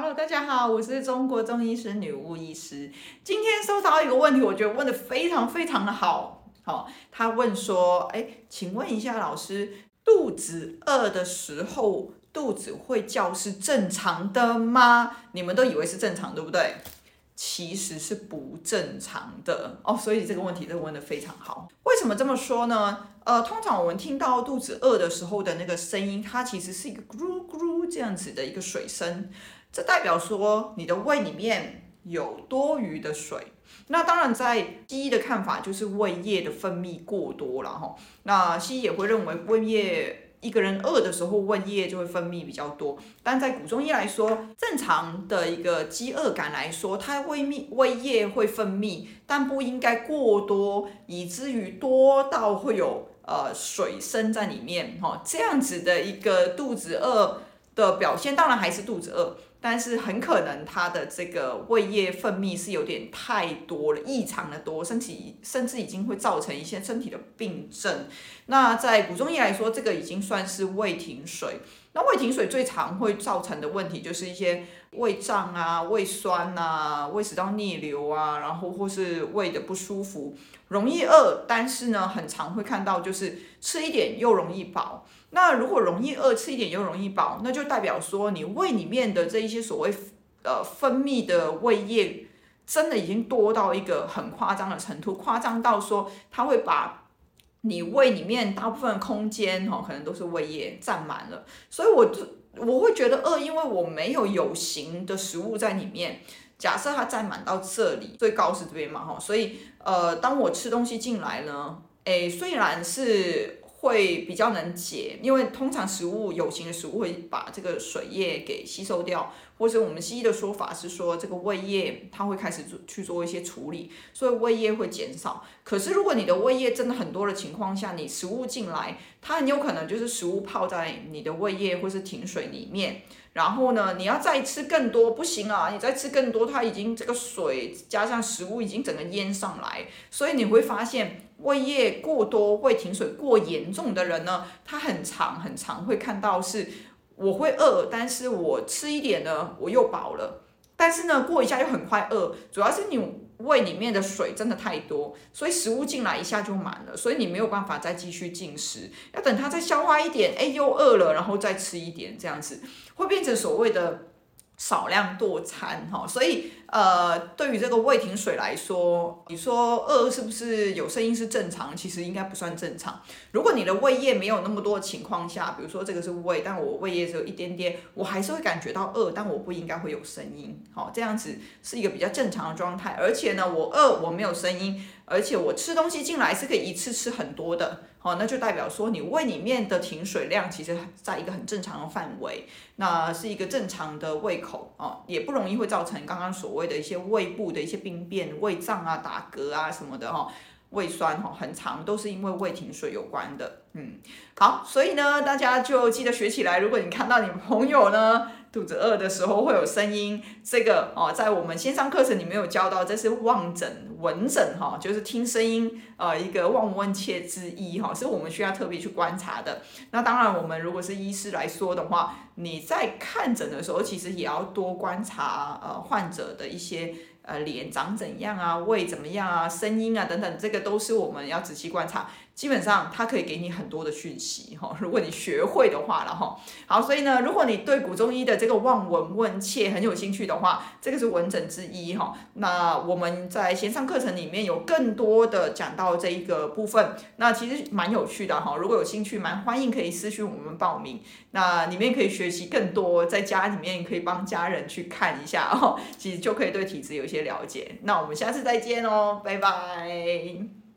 Hello，大家好，我是中國中醫師女巫醫師。今天收到一個問題，我覺得問的非常非常的好。好、哦，他問說：“哎、欸，請問一下老師，肚子餓的時候肚子會叫是正常的嗎？你們都以為是正常，對不對？”其實是不正常的哦，oh, 所以這個問題都問得非常好。為什麼這麼說呢？呃，通常我們聽到肚子餓的時候的那個聲音，它其實是一個咕嚕咕嚕這樣子的一個水聲，這代表說你的胃裡面有多餘的水。那當然，在西醫的看法就是胃液的分泌過多了哈。那西醫也會認為胃液。一個人餓的時候，胃液就會分泌比較多。但在古中醫來說，正常的一個飢餓感來說，它胃泌胃液會分泌，但不應該過多，以至於多到會有呃水聲在裡面齁。這樣子的一個肚子餓的表現，當然還是肚子餓。但是很可能他的這個胃液分泌是有點太多了，異常的多，身體甚至已經會造成一些身體的病症。那在古中醫來說，這個已經算是胃停水。那胃停水最常會造成的問題就是一些胃脹啊、胃酸啊、胃食道逆流啊，然後或是胃的不舒服，容易餓。但是呢，很常會看到就是吃一點又容易飽。那如果容易餓，吃一點又容易飽，那就代表說你胃裡面的這一。一些所謂呃分泌的胃液，真的已經多到一個很誇張的程度，誇張到說它會把你胃裡面大部分空間，哦、可能都是胃液占滿了，所以我我會覺得餓，呃，因為我沒有有形的食物在裡面。假設它占滿到這裡，最高是這邊嘛，哦、所以呃，當我吃東西進來呢，哎，雖然是。會比較能解，因為通常食物有形的食物會把這個水液給吸收掉。或者我們西醫的說法是說，這個胃液它會開始做去做一些處理，所以胃液會減少。可是如果你的胃液真的很多的情況下，你食物進來，它很有可能就是食物泡在你的胃液或是停水裡面。然後呢，你要再吃更多不行啊，你再吃更多，它已經這個水加上食物已經整個淹上來，所以你會發現胃液過多、胃停水過嚴重的人呢，他很常很常會看到是。我會餓，但是我吃一點呢，我又飽了。但是呢，過一下又很快餓。主要是你胃裡面的水真的太多，所以食物進來一下就滿了，所以你沒有辦法再繼續進食，要等它再消化一點，誒，又餓了，然後再吃一點，這樣子會變成所謂的。少量多餐哈，所以呃，對於這個胃停水來說，你說餓是不是有聲音是正常？其實應該不算正常。如果你的胃液沒有那麼多的情況下，比如說這個是胃，但我胃液只有一點點，我還是會感覺到餓，但我不應該會有聲音，好，這樣子是一個比較正常的狀態。而且呢，我餓我沒有聲音，而且我吃東西進來是可以一次吃很多的，好，那就代表說你胃裡面的停水量其實在一個很正常的範圍。那是一個正常的胃口哦，也不容易會造成剛剛所謂的一些胃部的一些病變、胃脹啊、打嗝啊什麼的哈、哦，胃酸哈、哦，很常都是因為胃停水有關的。嗯，好，所以呢，大家就記得學起來。如果你看到你朋友呢，肚子餓的時候會有聲音，這個哦，在我們線上課程裡面有教到，這是望診、聞診哈、哦，就是聽聲音，呃，一個望聞問切之一哈、哦，是我們需要特別去觀察的。那當然，我們如果是醫師來說的話，你在看診的時候，其實也要多觀察呃患者的一些呃臉長怎樣啊，胃怎麼樣啊，聲音啊等等，這個都是我們要仔細觀察。基本上，它可以給你很多的訊息哈。如果你學會的話了哈，好，所以呢，如果你對古中醫的這個望聞問切很有興趣的話，這個是問診之一哈。那我們在線上課程裡面有更多的講到這一個部分，那其實蠻有趣的哈。如果有興趣，蠻歡迎可以私訊我們報名，那裡面可以學習更多，在家裡面可以幫家人去看一下哈，其實就可以對體質有一些了解。那我們下次再見哦，拜拜。